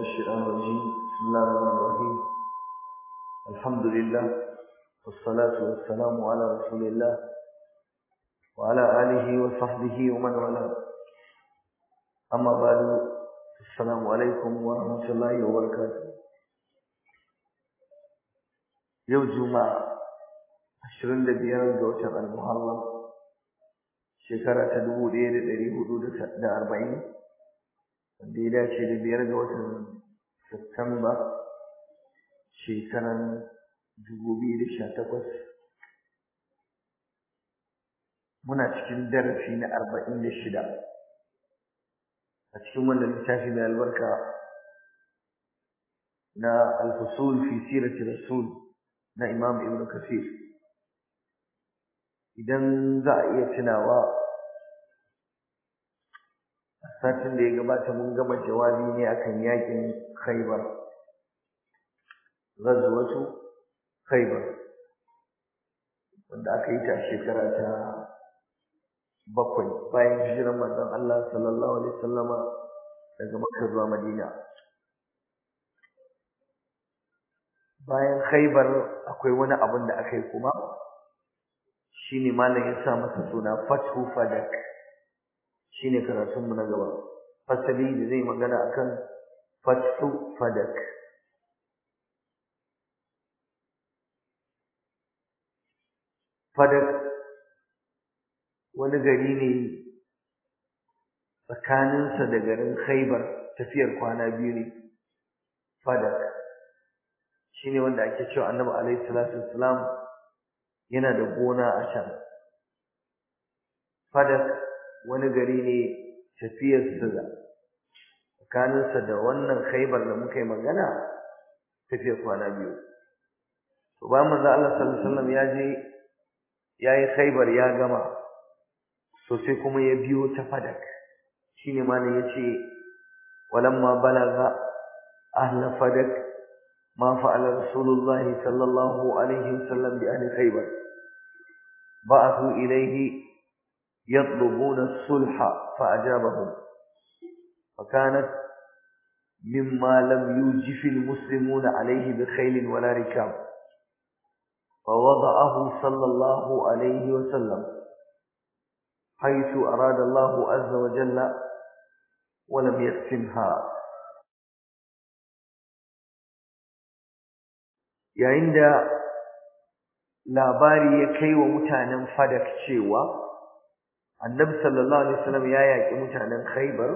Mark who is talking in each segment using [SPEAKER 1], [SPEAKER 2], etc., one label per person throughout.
[SPEAKER 1] الشيطان الرجيم بسم الله الرحمن الرحيم الحمد لله والصلاة والسلام على رسول الله وعلى آله وصحبه ومن والاه أما بعد السلام عليكم ورحمة الله وبركاته يوم جمعة 25 ga watan Al-Muharram shekara ta 1440 wanda ya dace da biyar ga watan satamba shekaran dubu biyu da sha muna cikin darasi na arba'in da shida a cikin wannan littafi mai albarka na alfasul fi sirati rasul na imam ibn kafir idan za a iya tunawa satin da ya gabata mun gama jawabi ne akan yakin Khaibar ghazwatu Khaibar wanda aka yi ta shekara ta bakwai bayan hijirar manzon Allah sallallahu alaihi wasallama daga Makka zuwa Madina bayan Khaibar akwai wani abun da aka yi kuma shine malamin ya sa masa suna Fathu Fadak shine karatun mu na gaba fasali da zai magana akan fathu fadak fadak wani gari ne tsakaninsa da garin khaibar tafiyar kwana biyu ne fadak shine wanda ake cewa annabi alaihi salatu wassalam yana da gona a can fadak wani gari ne tafiyar siga tsakaninsa da wannan khaibar da muka yi magana tafiyar kwana biyu to bayan manzo Allah sallallahu alaihi wasallam ya je ya yi khaibar ya gama to sai kuma ya biyo ta fadak shine malam yace walamma balaga ahla fadak ma fa'ala rasulullahi sallallahu alaihi wasallam bi ahli khaibar ba'athu ilayhi يطلبون الصلح فأجابهم فكانت مما لم يوجف المسلمون عليه بخيل ولا ركاب فوضعه صلى الله عليه وسلم حيث أراد الله عز وجل ولم يقسمها yayin عند لا باري كي wa mutanen fadak annabi sallallahu alaihi wasallam ya yaki mutanen khaybar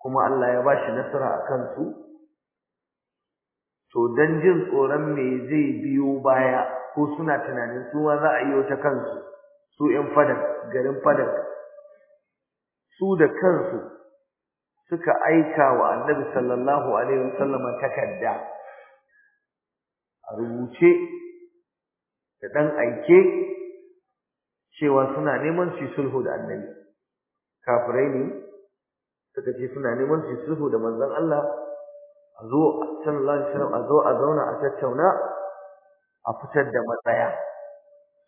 [SPEAKER 1] kuma Allah ya bashi nasara a kansu to dan jin tsoron me zai biyo baya ko suna tunanin su ma za a yi ta kansu su ƴan fadak garin fadak su da kansu suka aika wa annabi sallallahu alaihi wasallam takarda a rubuce da dan aike cewa suna neman su sulhu da annabi kafirai ne suka ce suna neman su sulhu da manzon Allah a zo sallallahu alaihi wasallam a zo a zauna a tattauna a fitar da matsaya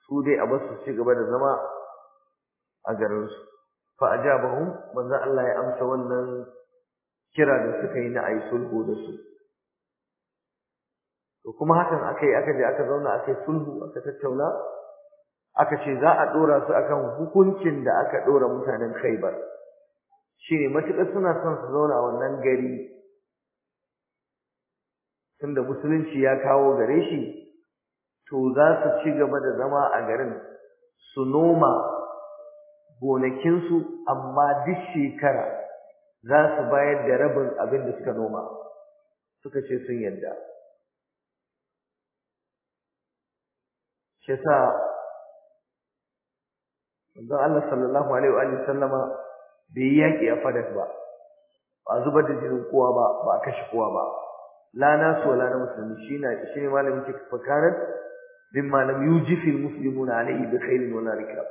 [SPEAKER 1] su dai a basu ci gaba da zama a garin su fa ajabahum manzon Allah ya amsa wannan kira da suka yi na ayi sulhu da su to kuma hakan akai aka je aka zauna aka sulhu aka tattauna aka ce za a ɗora su akan hukuncin da aka ɗora mutanen Khaibar ne matuƙar suna son su zauna wannan gari tunda musulunci ya kawo gare shi to za su ci gaba da zama a garin su noma gonakinsu amma duk shekara za su bayar da rabin abin da suka noma suka ce sun yarda. shi manzon Allah sallallahu alaihi wa sallama bai yaki a fadak ba ba zubar da jinin kowa ba ba a kashe kowa ba la nasu wala na musulmi shi na shi ne malamin ke fakarar bin malam yujifi muslimuna alaihi bi khairin wala rikab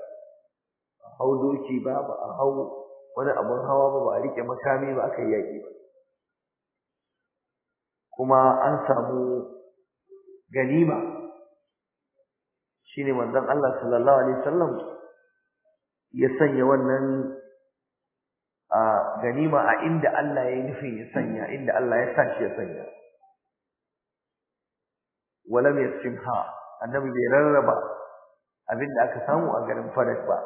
[SPEAKER 1] a hau doki ba ba a hau wani abun hawa ba ba a rike makami ba aka yaki ba kuma an samu ganima shine manzon Allah sallallahu alaihi wasallam ya sanya wannan a ganima a inda Allah ya nufi ya sanya inda Allah ya sa shi ya sanya walam yasimha annabi bai rarraba abinda aka samu a garin Fadak ba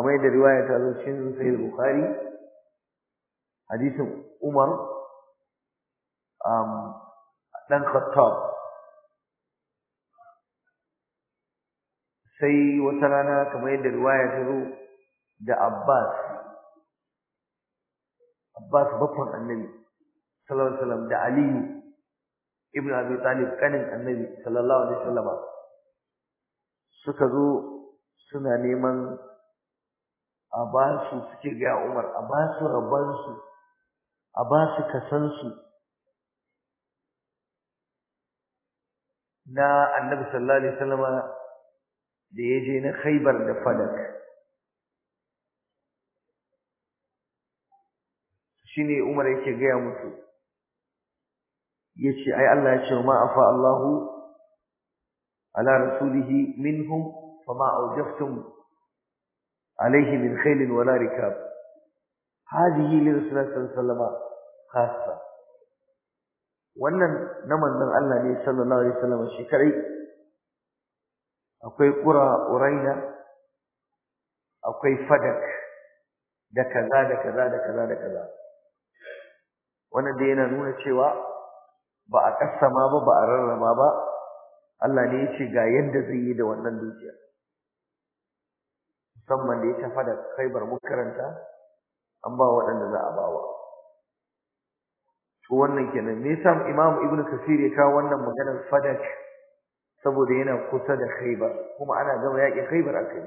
[SPEAKER 1] kamar da riwaya ta zo cikin Sahih Bukhari hadisin Umar um dan Khattab sai wata rana kamar yadda riwaya ta zo da Abbas Abbas babban annabi sallallahu alaihi wasallam da Ali ibn Abi Talib kanin annabi sallallahu alaihi wasallam suka zo suna neman a ba su suke ga Umar a ba su rabansu a ba su kasansu na annabi sallallahu alaihi wasallam da ya je na khaibar da Shi ne umar yake gaya musu ce ai Allah ya ce ma afa Allahu ala rasulihi minhum fama awjaftum alayhi min khailin wala rikab hadihi li rasulillahi sallallahu alaihi wasallam khassa wannan na manzon Allah ne sallallahu alaihi wasallam shi kai akwai ƙura uraina akwai fadak da kaza da kaza da kaza da kaza wannan da yana nuna cewa ba a kassama ba ba a rarraba ba Allah ne ya ce ga yadda zai yi da wannan dukiya musamman da ya tafa da khaibar mukaranta an ba waɗanda za a bawa to wannan kenan me yasa Imam Ibn Kasir ya kawo wannan maganar fadak saboda yana kusa da Khaibar kuma ana gama yaƙin Khaibar akai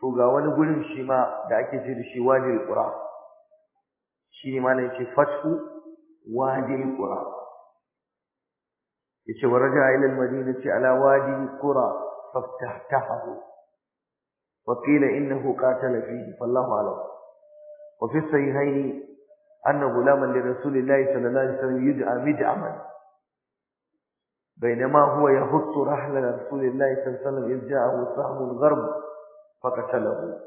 [SPEAKER 1] to ga wani gurin shi ma da ake ce da shi Wadi al-Qura shi ne malai ce fathu Wadi al-Qura yace wa raja'a ila al-Madinati ala Wadi al-Qura faftahtahu wa qila innahu qatala fihi fallahu a'lam wa fi sahihayn anna ghulaman li rasulillahi sallallahu alaihi wasallam yud'a mid'aman بينما هو يهط رحل رسول الله صلى الله عليه وسلم إذ جاءه سهم الغرب فقتله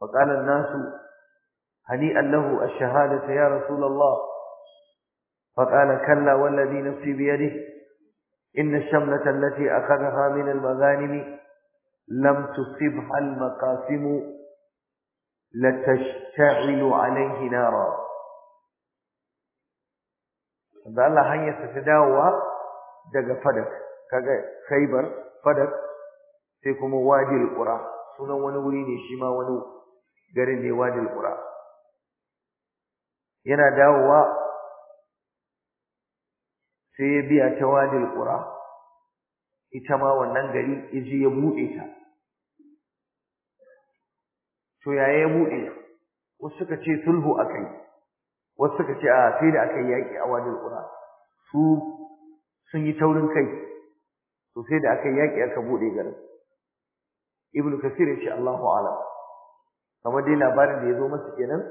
[SPEAKER 1] فقال الناس هنيئا له الشهادة يا رسول الله فقال كلا والذي نفسي بيده إن الشملة التي أخذها من المغانم لم تصبها المقاسم لتشتعل عليه نارا da الله hanyarsa تتداوى daga fadak kaga khaybar fadak sai kuma wadil qura sunan wani wuri ne shi ma wani garin ne wadil qura yana dawowa sai ya biya ta wadil qura ita ma wannan gari yaji ya bude ta to yaya ya bude wasu suka ce sulhu akai wasu suka ce a sai da akai yaki a wadil qura su sun yi taurin kai to sai da aka yaki aka bude garin ibn kasir ya ce Allahu Ala. kamar dai labarin da ya zo masa kenan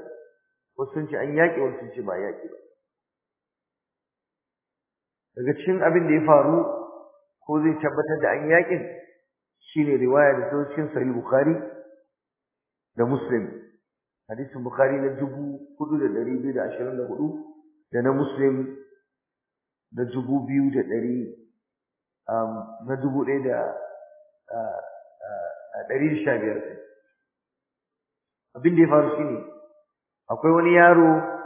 [SPEAKER 1] wasu sun ce an yaki wasu sun ce ba yaki ba daga cikin abin da ya faru ko zai tabbatar da an yakin shine riwaya da ta cikin sahih bukhari da muslim hadisin bukhari na 4224 da na muslim na dubu biyu da ɗari um, na dubu ɗaya da uh, uh, ɗari sha biyar abin da ya faru shine akwai wani yaro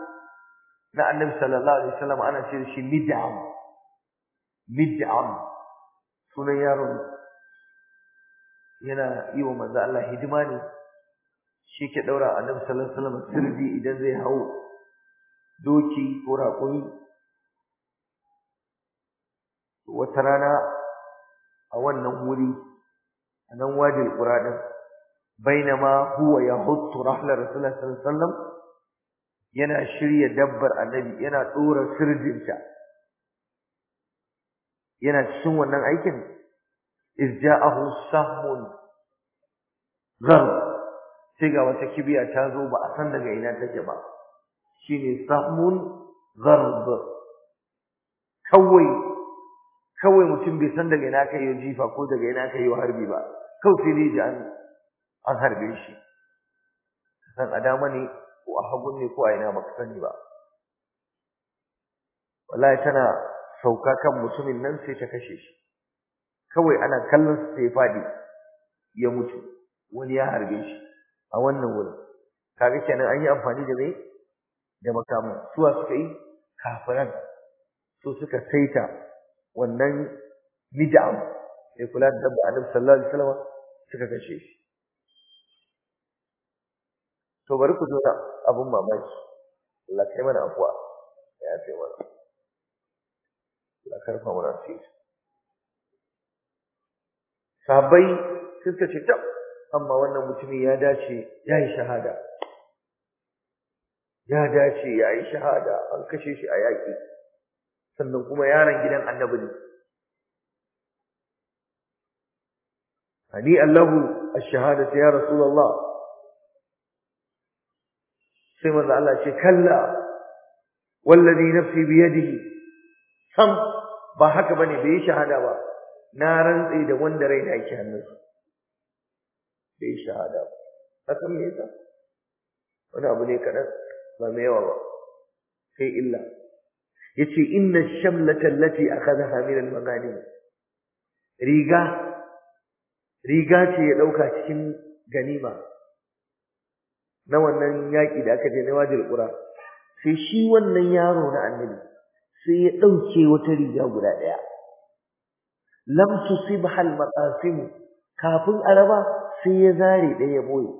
[SPEAKER 1] na annabi sallallahu alaihi wasallam ana ce da shi mid'am mid'am sunan yaron yana yi wa manzo Allah hidima ne shi ke daura annabi sallallahu alaihi wasallam sirri idan zai hau doki ko raƙumi wata rana a wannan wuri a nan wajil qura din bainama huwa yahuttu rahla rasulullah sallallahu yana shirya dabbar annabi yana dora sirjinta yana cikin wannan aikin izja'ahu sahmun zar sai ga wata kibiya ta zo ba a san daga ina take ba shine sahmun zarb kawai kawai mutum bai san daga ina kai jifa ko daga ina kai harbi ba kawai sai dai ji an harbe shi san a dama ne ko a hagun ne ko a ina baka sani ba wallahi tana sauka kan mutumin nan sai ta kashe shi kawai ana kallon sa sai fadi ya mutu wani ya harbe shi a wannan wurin kaga kenan an yi amfani da mai da makamin suwa suka yi kafiran su suka saita wannan bid'am mai kula da dabba annabi sallallahu alaihi wasallam suka kashe shi to bari ku jona abun mamaki Allah kai mana afwa ya ce mana Allah karfa mana asiri Sabai suka ce tab amma wannan mutumin ya dace ya yi shahada ya dace ya yi shahada an kashe shi a yaƙi sannan kuma yaron gidan annabi ne hani allahu ash-shahadatu ya rasulullah sai manzo Allah ce kalla wallazi nafsi bi yadihi sam ba haka bane bai shahada ba na rantsi da wanda raina yake hannunsa bai shahada ba akan me yasa wani abu ne kadan ba mai yawa ba sai illa yace inna shamlata allati akhadha min al-maghanim riga riga ce ya dauka cikin ganima na wannan yaki da aka je na wajil qura sai shi wannan yaro na annabi sai ya dauke wata riga guda daya lam tusibha al-maqasim kafin araba sai ya zare daya boye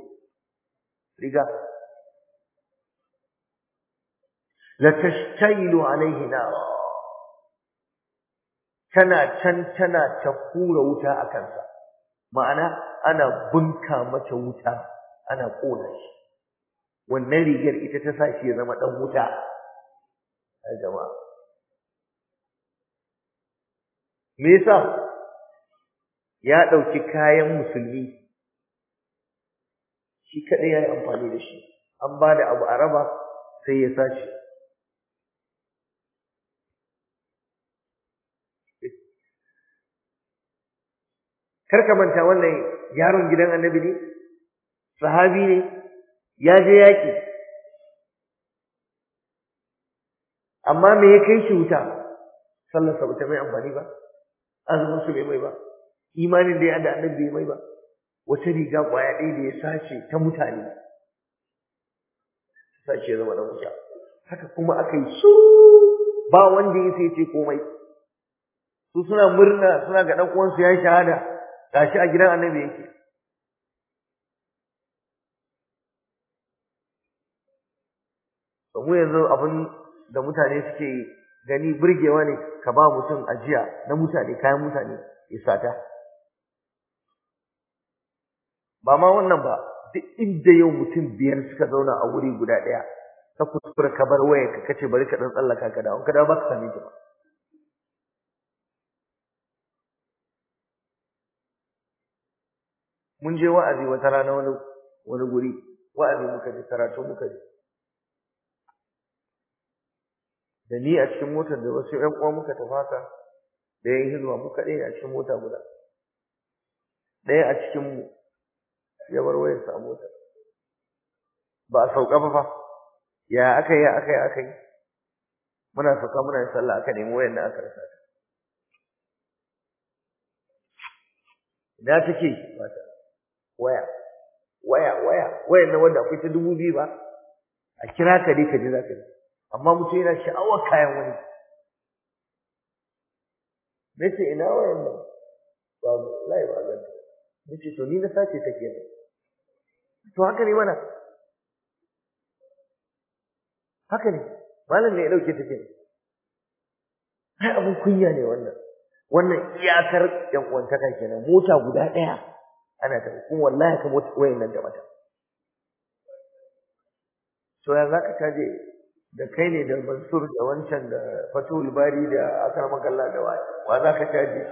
[SPEAKER 1] riga latashtayilu alaihi nara tana can tana ta kura wuta a kansa ma'ana ana bunka mata wuta ana kona shi wannan rigar ita ta sa shi ya zama dan wuta ai jama'a me yasa ya dauki kayan musulmi shi kadai yayi amfani da shi an bada abu araba sai ya sace kar ka manta wannan yaron gidan annabi ne sahabi ne ya je yaƙi amma me ya kai shi wuta sallar sa bata mai amfani ba azumin su bai mai ba imanin da ya da annabi bai mai ba wata riga kwaya ɗaya da ya sace ta mutane sace ya zama da wuta haka kuma aka yi su ba wanda ya sai ce komai su suna murna suna ga ɗan uwansu ya shahada gashi a gidan annabi yake mu yanzu abin da mutane suke gani burgewa ne ka ba mutum ajiya na mutane kayan mutane ya sata ba ma wannan ba duk inda yau mutum biyar suka zauna a wuri guda ɗaya ta kuskura ka bar wayarka kace bari ka dan tsallaka ka dawo ka dawo ba ka same ta ba mun je wa'azi wata rana wani wani guri wa'azi muka je karatu muka je da ni a cikin motar da wasu ƴan uwa muka tafasa da yayin hidima muka ɗaya a cikin mota guda ɗaya a cikin mu ya bar wayarsa a mota ba a sauka ba fa ya aka yi aka yi aka yi muna sauka muna yin sallah aka nemi wayar da aka rasa ta ina take ba ta waya waya waya waya na wanda akwai ta dubu biyu ba a kira ka dai ka ji za ka yi amma mutum yana sha'awar kayan wani nace ina wayan nan ba lai ba zan nace to ni na sace ta kenan to haka ne mana haka ne malam ne ya dauke ta kenan ai abun kunya ne wannan wannan iyakar yan uwantaka kenan mota guda daya ana ta kun wallahi ka mutu wayan nan da mata to yanzu ka kaje da kai ne da Mansur da wancan da Fatul Bari da Akar magalla da wai wa za ka caje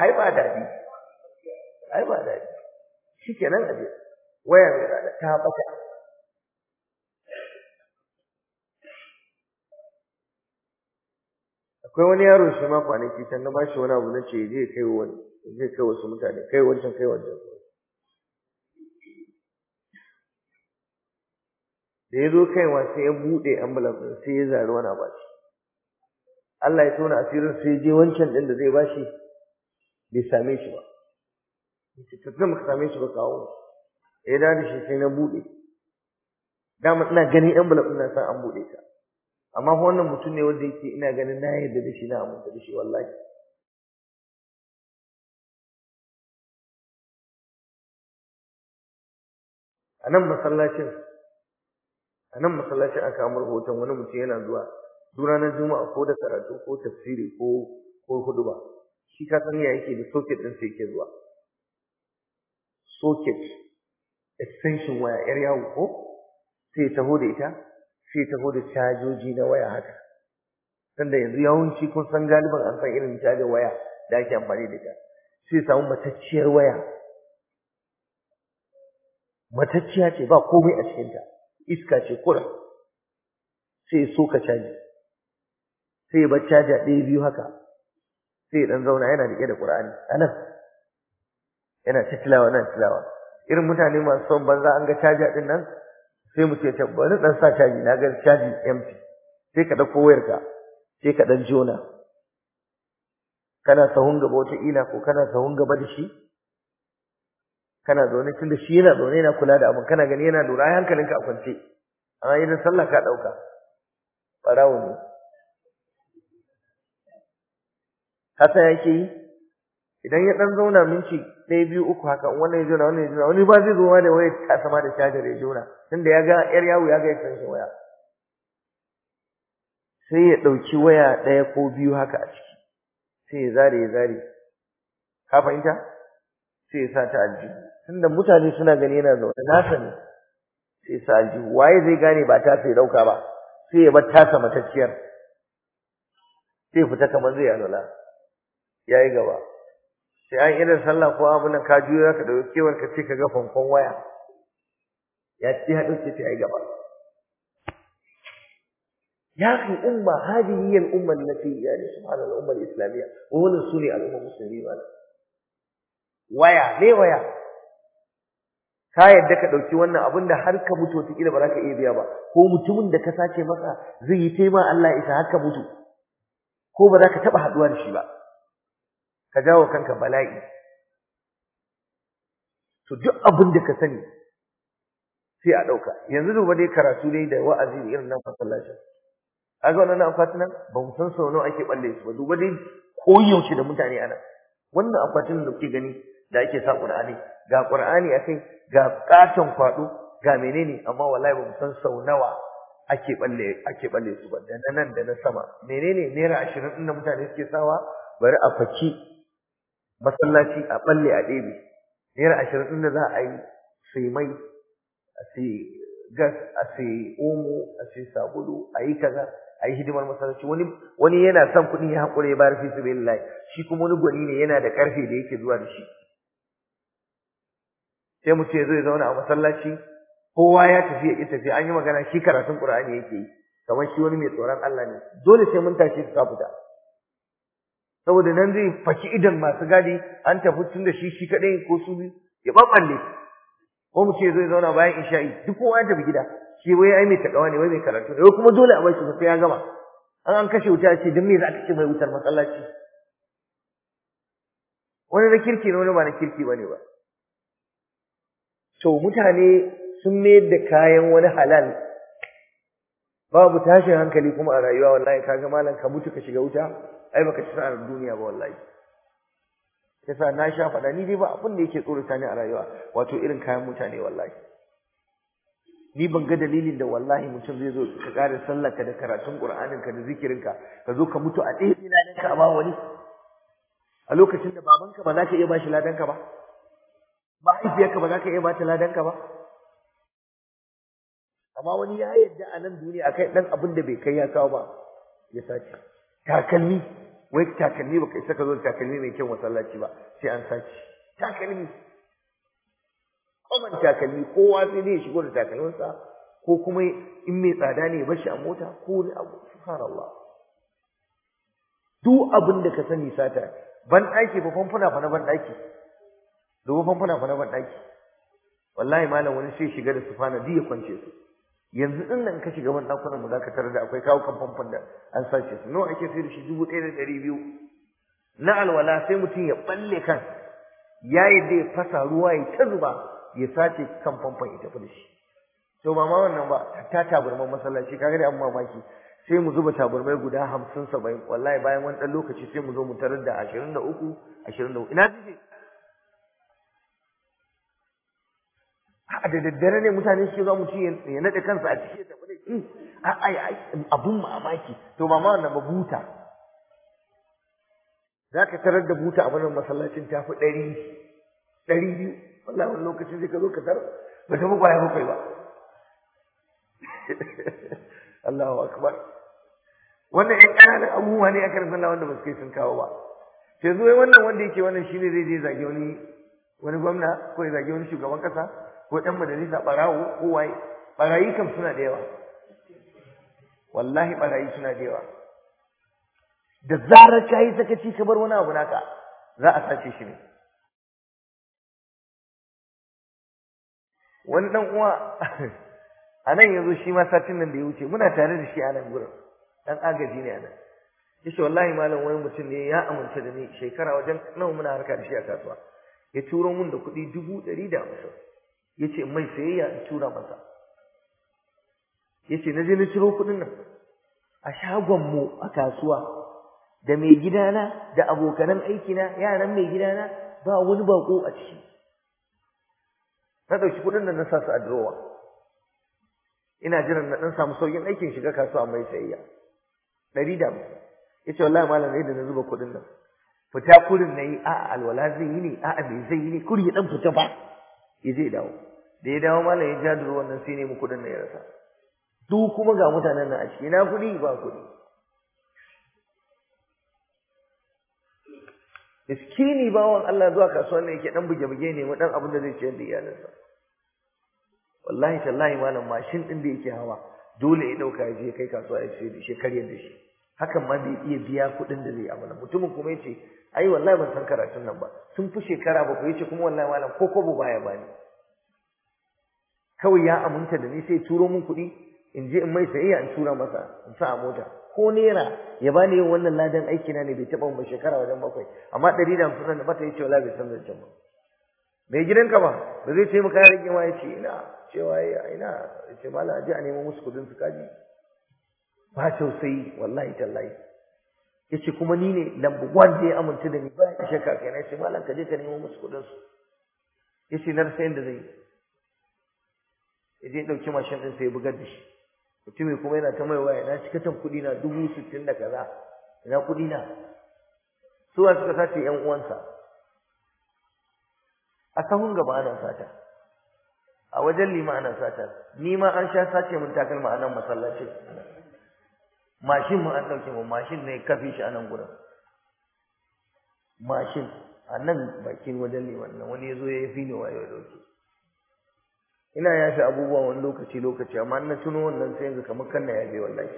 [SPEAKER 1] ai ba dadi ai ba dadi shikenan aje wayar da ta baka akwai wani yaro shi ma kwanaki can na bashi wani abu na ce zai kai wani zai kai wasu mutane kai wancan kai wancan da ya zo kaiwa sai ya buɗe ambulance sai ya zari wani bashi Allah ya tona asirin sai je wancan ɗin da zai bashi bai same shi ba yace to zan ka same shi ba kawo ya da shi sai na buɗe dama ina gani ambulance ina san an buɗe ta amma wannan mutum ne wanda yake ina ganin na yarda da shi na aminta da shi wallahi a nan masallacin a masallacin aka amur hoton wani mutum yana zuwa na juma'a ko da karatu ko tafsiri ko ko huduba shi ka san ya yake da socket din sai yake zuwa socket extension waya yar yawo ko sai taho da ita sai taho da cajoji na waya haka sanda yanzu yawanci kun san galiban an san irin cajar waya da ake amfani da ita sai samu matacciyar waya matacciya ce ba komai a cikinta iska ce kura sai so ka caji sai ba caja ɗaya biyu haka sai dan zauna yana riƙe da Qur'ani anan yana tilawa nan tilawa irin mutane masu son banza an ga caja din nan sai mu ce bari dan sa caji na ga caji empty sai ka dauko wayarka sai ka dan jona kana sahun gaba wata ila ko kana sahun gaba da shi kana zaune tunda shi yana zaune yana kula da abin kana gani yana lura ai hankalinka a kwance amma idan sallah ka dauka barawo ne haka yake yi idan ya dan zauna minti ɗaya biyu uku haka wannan ya zauna wannan ya zauna wani ba zai zo ma da waya ta sama da shajar ya zauna tunda ya ga yar yawo ya ga ya san waya sai ya ɗauki waya ɗaya ko biyu haka a ciki sai ya zare ya zare ka fahimta sai ya sa ta aljihu tunda mutane suna gani yana zaune nasa ne sai ya sa aljihu waye zai gane ba ta sai ɗauka ba sai ya bar tasa matacciyar sai fita kamar zai alwala ya yi gaba sai an irin sallah ko abin nan ka juyo zaka dauki kewar ka ce ka ga fankon waya ya ce ya ce ta yi gaba ya fi umma hadihi al umma allati yani ne al umma al islamiyya wa huwa suri al umma muslimin waya me waya ka yadda ka dauki wannan abin da har ka mutu ta kila ba za ka iya biya ba ko mutumin da ka sace masa zai yi taima Allah isa har ka mutu ko ba za ka taba haduwa da shi ba ka jawo kanka bala'i to duk abin da ka sani sai a ɗauka yanzu duba dai karatu dai da wa'azi irin nan masallaci a ga wannan akwatin nan ba mu san sau ake balle su ba duba dai koyaushe da mutane ana wannan akwatin da kuke gani da ake sa qur'ani ga qur'ani akai ga katon kwado ga menene amma wallahi ba mu san sau nawa ake balle ake balle su ba da nan da na sama menene naira ashirin din da mutane suke sawa bari a faki masallaci a balle a ɗebe naira ashirin ɗin da za a yi sai mai a sai gas a sai omo a sai sabulu a yi kaza a yi hidimar masallaci wani yana son kuɗi ya haƙura ya bayar fi su billahi shi kuma wani gwani ne yana da ƙarfe da yake zuwa da shi sai mu ce zai zauna a masallaci kowa ya tafi ya ƙi tafi an yi magana shi karatun ƙur'ani yake yi kamar shi wani mai tsoron Allah ne dole sai mun tashi ka fita saboda nan zai faki idan masu gadi an tafi tun da shi shi kaɗai ko su biyu ya ɓaɓɓalle ko mu ce zai zauna bayan isha'i duk kowa ya tafi gida shi wai ai mai takawa ne wai mai karatu ne kuma dole a bai shi sai ya gama an an kashe wuta ce don me za ka ce mai wutar masallaci wani na kirki ne wani ba na kirki ba ne ba to mutane sun mayar da kayan wani halal babu tashin hankali kuma a rayuwa wallahi kaga malam ka mutu ka shiga wuta ai baka ci sa'ar duniya ba wallahi yasa na sha faɗa ni dai ba abin da yake tsorata ni a rayuwa wato irin kayan mutane wallahi ni ban ga dalilin da wallahi mutum zai zo ka ƙara sallarka da karatun Qur'anin ka da zikirinka ka zo ka mutu a ɗaya ladan ka ba wani a lokacin da babanka ba za ka iya ba shi ladan ka ba mahaifiyarka ba za ka iya ba ta ladan ka ba amma wani ya yarda a nan duniya akai dan abin da bai kai ya kawo ba ya sace takalmi wai takalmi baka isa ka zo da takalmi mai kyan masallaci ba sai an sace takalmi kuma takalmi kowa sai ne shigo da takalminsa ko kuma in mai tsada ne shi a mota ko ne abu subhanallah duk abin da ka sani sata ban daki ba fanfuna fa na ban daki duk fanfuna fa na ban daki wallahi malam wani sai shiga da subhanallah ya kwance su yanzu din nan ka shiga ban dakunan mu zaka tarar da akwai kawo kan famfon da an sace su nawa ake sayar da shi dubu ɗaya da ɗari biyu na alwala sai mutum ya balle kan ya yi dai fasa ruwa ya ta zuba ya sace kan famfon ya tafi da shi to ba ma wannan ba ta taburman masallaci kaga da an mamaki sai mu zuba taburmai guda hamsin saba'in wallahi bayan wani ɗan lokaci sai mu zo mu tarar da ashirin da uku ashirin da ina da daddare ne mutane suke zuwa mutum ya nade kansa a ciki da bane a ai abun mamaki to mama wannan ba buta za ka tarar da buta a wannan masallacin ta fi ɗari ɗari biyu wallahi wani lokaci zai ka zo ka tar ba ta ya bakwai ba Allahu akbar wannan ƴan ƙananan abubuwa ne a karfin Allah wanda ba su kai sun kawo ba sai zo wannan wanda yake wannan shine zai je zage wani wani gwamna ko zage wani shugaban kasa ko ɗan majalisa ɓarawo ko waye ɓarayi kam suna da yawa wallahi ɓarayi suna da yawa da zarar ka yi sakaci ka bar wani abu naka za a sace shi ne wani ɗan uwa a nan yanzu shi ma satin nan da ya wuce muna tare da shi a nan gurin ɗan agaji ne a nan yace wallahi malam wani mutum ne ya amince da ni shekara wajen nawa muna harka da shi a kasuwa ya turo mun da kuɗi dubu ɗari da hamsin yace mai sayayya in tura masa yace na je na ciro kuɗin nan a shagon mu a kasuwa da mai gidana da abokanan aikina yaran mai gida na, ba wani bako a ciki na ɗauki kuɗin nan na sa su a durowa ina jiran na ɗan samu saukin aikin shiga kasuwa mai sayayya ɗari da hamsin yace wallahi malam ne da na zuba kuɗin nan fita kurin nayi a'a alwala zai yi ne a'a bai zai yi ne kuri ya dan fita ba ya zai dawo da ya dawo malam ya ja da ruwan nan sai ne mu kuɗin da ya rasa duk kuma ga mutanen nan a ciki na kuɗi ba kuɗi miskini bawan Allah zuwa kasuwar ne yake dan buge-buge ne mu dan abin da zai ciyar da iyalinsa wallahi tallahi malam mashin din da yake hawa dole ya dauka ya je kai kasuwa ya sayar da shi karyar da shi hakan ma bai iya biya kuɗin da zai yi amana mutumin kuma yace ai wallahi ban san karatun nan ba sun fi shekara ba ku yace kuma wallahi malam ko kobo baya bani kawai ya aminta da ni sai turo min kuɗi in je in mai sayayya in tura masa in sa a mota ko nera ya bani yin wannan ladan aiki na ne bai taɓa ba shekara wajen bakwai amma ɗari da hamsin da mata ya ce, wala bai san zancen ba mai gidanka ba ba zai ce maka yarin rage ma ya ce ina cewa ya ina ya ce mala a je a nemo musu kuɗin su kaji ba tausayi wallahi tallahi ya ce kuma ni ne lambu da ya amince da ni ba ya shakka kai na ya ce ka je ka nemo musu kuɗin su ya ce na rasa yadda zai yi ya je ɗauki mashin ɗinsa ya bugar da shi mutumin kuma yana ta mai waya na ci katon kuɗi na dubu sittin da kaza ina kuɗi na wa suka sace ƴan uwansa a sahun gaba ana sata a wajen lima ana sata ni ma an sha sace mun takalma a nan masallacin mashin mu an ɗauke mu mashin ne kafi shi anan gurin mashin a nan bakin wajen liman nan wani ya zo ya yi fi ne wayo ina yafe abubuwa wani lokaci lokaci amma na tuno wannan sai yanzu kamar kan na je wallahi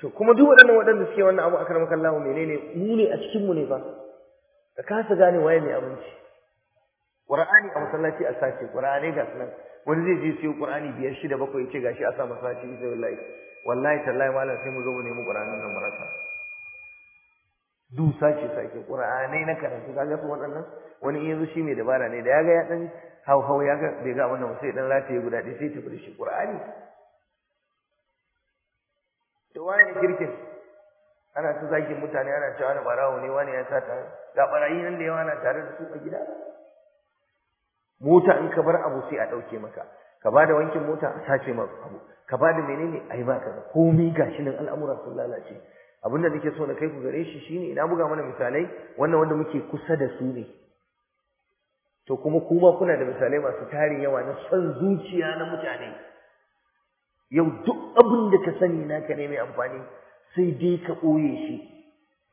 [SPEAKER 1] to kuma duk waɗannan waɗanda suke wannan abu akan makan lahu menene mu ne a cikin mu ne fa ka kasa gane waye mai abinci qur'ani a masallaci a sace qur'ani ga sunan wani zai je siyo qur'ani biyar shida bakwai ya ce gashi a sa masallaci sai wallahi wallahi tallahi malam sai mu zo mu nemi qur'anin nan mu rasa dusa ce sake qur'anai na karatu kaga fa waɗannan wani yanzu shi mai dabara ne da yaga ya dan hau hau yaga bai ga wannan sai dan rataye guda ɗaya sai ta da shi qur'ani to wani kirkin ana ta zaki mutane ana cewa wani barawo ne wani ya sata ga barayi nan da yawa ana tare da su a gida mota in ka bar abu sai a ɗauke maka ka ba da wankin mota a sace maka abu ka ba da menene a yi ka da komi gashi nan al'amura sun lalace abin da nake so na kai ku gare shi shine ina buga mana misalai wannan wanda muke kusa da su ne to kuma kuma kuna da misalai masu tarin yawa na son zuciya na mutane yau duk abin da ka sani naka ne mai amfani sai dai ka ɓoye shi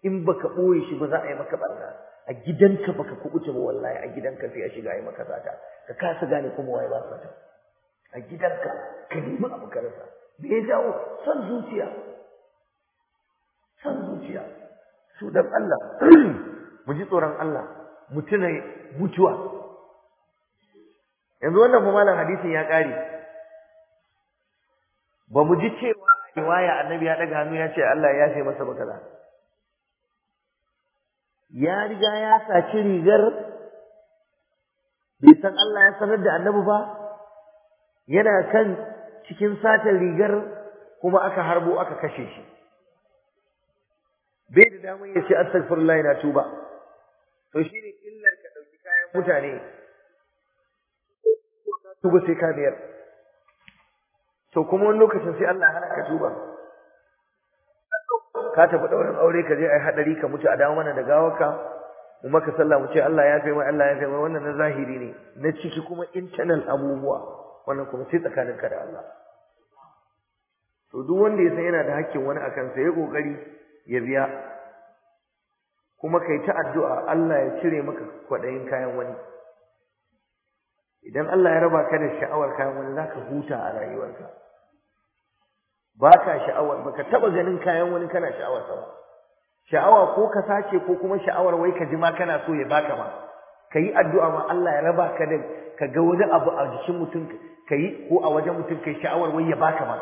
[SPEAKER 1] in baka ɓoye shi ba za a yi maka barna a gidanka baka kuɓuce ba wallahi a gidanka sai a shiga yi maka sata ka kasa gane kuma waye ba sata a gidanka ka nemi abu ka rasa me ya jawo son zuciya Su dan Allah mu ji tsoron Allah mu tuna mutuwa yanzu wannan kuma malam hadisin ya kare ba mu ji cewa riwaya annabi ya daga hannu ya ce Allah ya yafe masa bakala ya riga ya saci rigar bai san Allah ya sanar da annabi ba yana kan cikin satar rigar kuma aka harbo aka kashe shi bai da damar ya ce astaghfirullah na tuba to shi ne illar ka dauki kayan mutane tuba sai ka biyar to kuma wani lokacin sai Allah hana ka tuba ka tafi ɗaurin aure ka je ai hadari ka mutu a dawo mana da gawarka mu maka sallah mu ce Allah ya kai mai Allah ya kai mai wannan na zahiri ne na ciki kuma internal abubuwa wannan kuma sai tsakaninka da Allah to duk wanda ya san yana da hakkin wani akan sa ya kokari ya biya kuma kai ta addu'a Allah ya cire maka kwaɗayin kayan wani idan Allah ya raba ka da sha'awar kayan wani za ka huta a rayuwarka ba ka sha'awar ba ka taɓa ganin kayan wani kana sha'awar sa ba sha'awa ko ka sace ko kuma sha'awar wai ka ji ma kana so ya baka ma ka yi addu'a ma Allah ya raba ka da ka ga wani abu a jikin mutum ka yi ko a wajen mutum ka yi sha'awar wai ya baka ma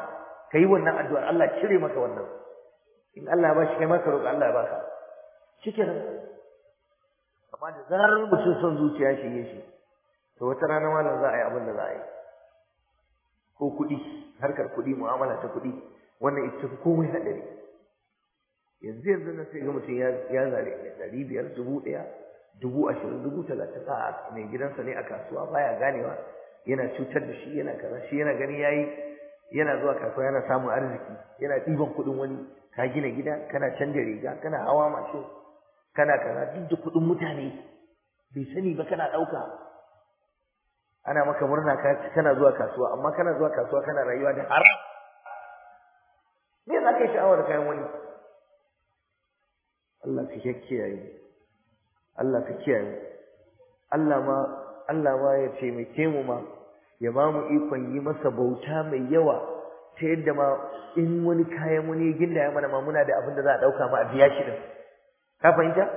[SPEAKER 1] ka yi wannan addu'ar Allah cire maka wannan in Allah ba shi kai ma ka roƙi Allah ya baka cikin amma da zarar mutum son zuciya ne shi to wata rana malam za a yi abin da za a yi ko kuɗi harkar kuɗi mu'amala ta kuɗi wannan ita fi komai haɗari yanzu yanzu na sai ga mutum ya zare ɗari biyar dubu ɗaya dubu ashirin dubu talatin a mai gidansa ne a kasuwa baya ganewa yana cutar da shi yana kaza shi yana gani yayi yana zuwa kasuwa yana samun arziki yana ɗiban kuɗin wani ka gina gida kana canja riga kana hawa mace, kana kana duk da kuɗin mutane bai sani ba kana ɗauka ana maka murna kana zuwa kasuwa amma kana zuwa kasuwa kana rayuwa da haram me za ka yi sha'awar kayan wani Allah ka kiyaye Allah ka kiyaye Allah ma Allah ma ya taimake mu ma ya ba mu ikon yi masa bauta mai yawa ta yadda ma in wani kayan wani ya gindaya mana ma da abin da za a ɗauka ma a biya shi din ka fahimta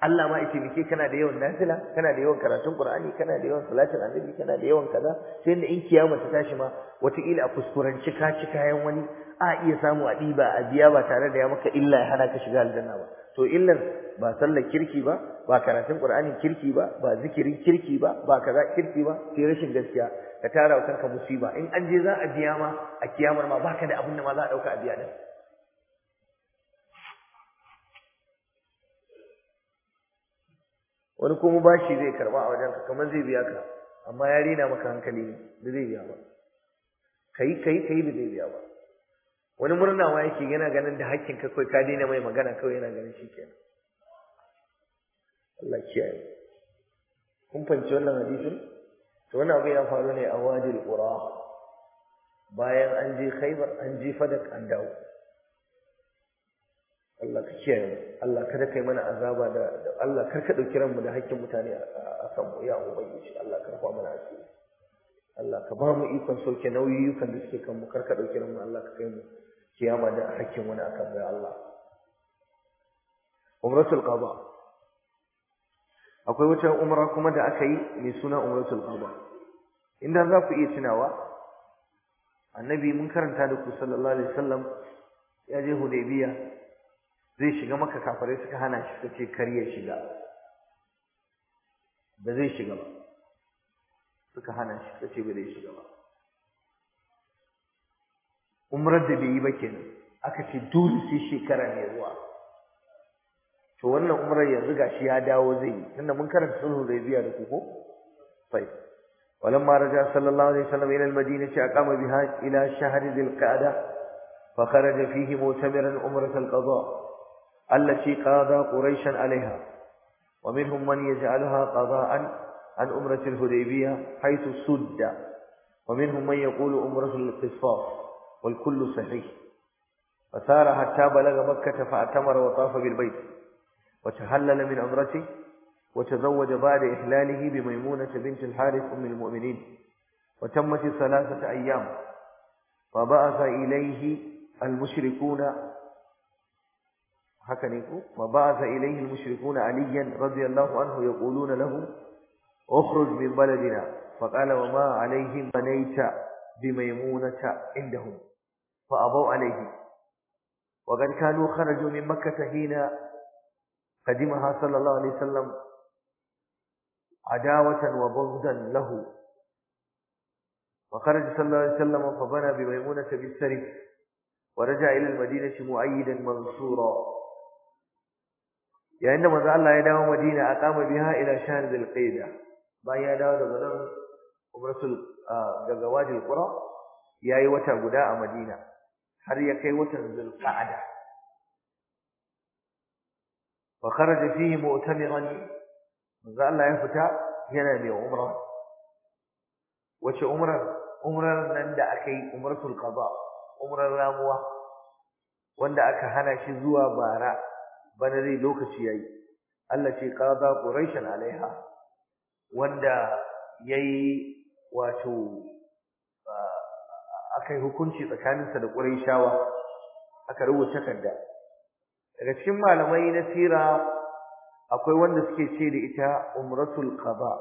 [SPEAKER 1] Allah ma ya taimake kana da yawan nafila kana da yawan karatun Qur'ani kana da yawan salatin annabi kana da yawan kaza sai da in kiyama ta tashi ma Wata wataƙila a kuskuren cika ci kayan wani a iya samu a ɗiba a biya ba tare da ya maka illa ya hana ka shiga aljanna ba to illar ba sallar kirki ba ba karatun qur'anin kirki ba ba zikirin kirki ba ba kaza kirki ba sai rashin gaskiya ka tara wa kanka musiba in an je za a biya ma a kiyamar ma baka da abin da ma za a dauka a biya din wani kuma bashi zai karba a wajenka kamar zai biya ka amma ya rina maka hankali ne da zai biya ba kai kai kai da zai biya ba wani murnawa yake yana ganin da hakkin ka ka daina mai magana kawai yana ganin shi kenan Allah kiyaye kun fahimci wannan hadisin to wannan abu ya faru ne a wajil qura bayan an je khaybar an je fadak an dawo Allah ka kiyaye Allah kada kai mana azaba da Allah kar ka dauki ranmu da hakkin mutane a kan mu ya ubangiji Allah kar fa mana asiri Allah ka ba mu ikon sauke nauyiyukan da suke kan mu kar ka dauki ranmu Allah ka kai mu kiyama da hakkin wani akan bai Allah umratul qada akwai wata umra kuma da aka yi mai suna umratul qada inda za ku iya tunawa annabi mun karanta da ku sallallahu alaihi wasallam ya je hudaybiya zai shiga maka kafirai suka hana shi suka ce kar ya shiga ba zai shiga ba suka hana shi suka ce ba zai shiga ba umrar da bai yi ba kenan aka ce dole sai shekara ne zuwa to wannan umrar yanzu gashi ya dawo zai yi tunda mun karanta sulhu zai biya da kuko sai walamma raja sallallahu alaihi wasallam ila al-madinati aqama biha ila shahr dhil-qa'da fa kharaja fihi mu'tamiran umrat al-qada allati qada quraishan 'alayha wa minhum man yaj'alaha qada'an an umrat al-hudaybiyah haythu sudda wa minhum man yaqulu umrat al-qisas wal kullu sahih فسار حتى بلغ مكة فأتمر وطاف بالبيت وتهلل من عمرته وتزوج بعد إحلاله بميمونة بنت الحارث أم المؤمنين وتمت ثلاثة أيام وبعث إليه المشركون وبعث إليه المشركون عليا رضي الله عنه يقولون له اخرج من بلدنا فقال وما عليهم بنيت بميمونة عندهم فأبوا عليه وقد كانوا خرجوا من مكة حين قدمها صلى الله عليه وسلم عداوة وبغضا له وخرج صلى الله عليه وسلم فبنى بميمونة بالسرف ورجع إلى المدينة مؤيدا منصورا يعني عندما ذا الله يداوى مدينة أقام بها إلى شان ذي القيدة ما يداوى ذلك ومرسل جواج آه، القرى يا وتا أيوة غداء مدينة حريق وتا ذي القعدة fa kharaja fihi mu'tamiran manzo Allah ya fita yana mai umra wace umrar umrar nan da aka yi umratul qada umrar ramuwa wanda aka hana shi zuwa bara bana zai lokaci yayi Allah ce qada quraishan alaiha wanda yayi wato akayi hukunci tsakaninsa da quraishawa aka rubuta takarda daga cikin malamai na sira akwai wanda suke ce da ita umratul qada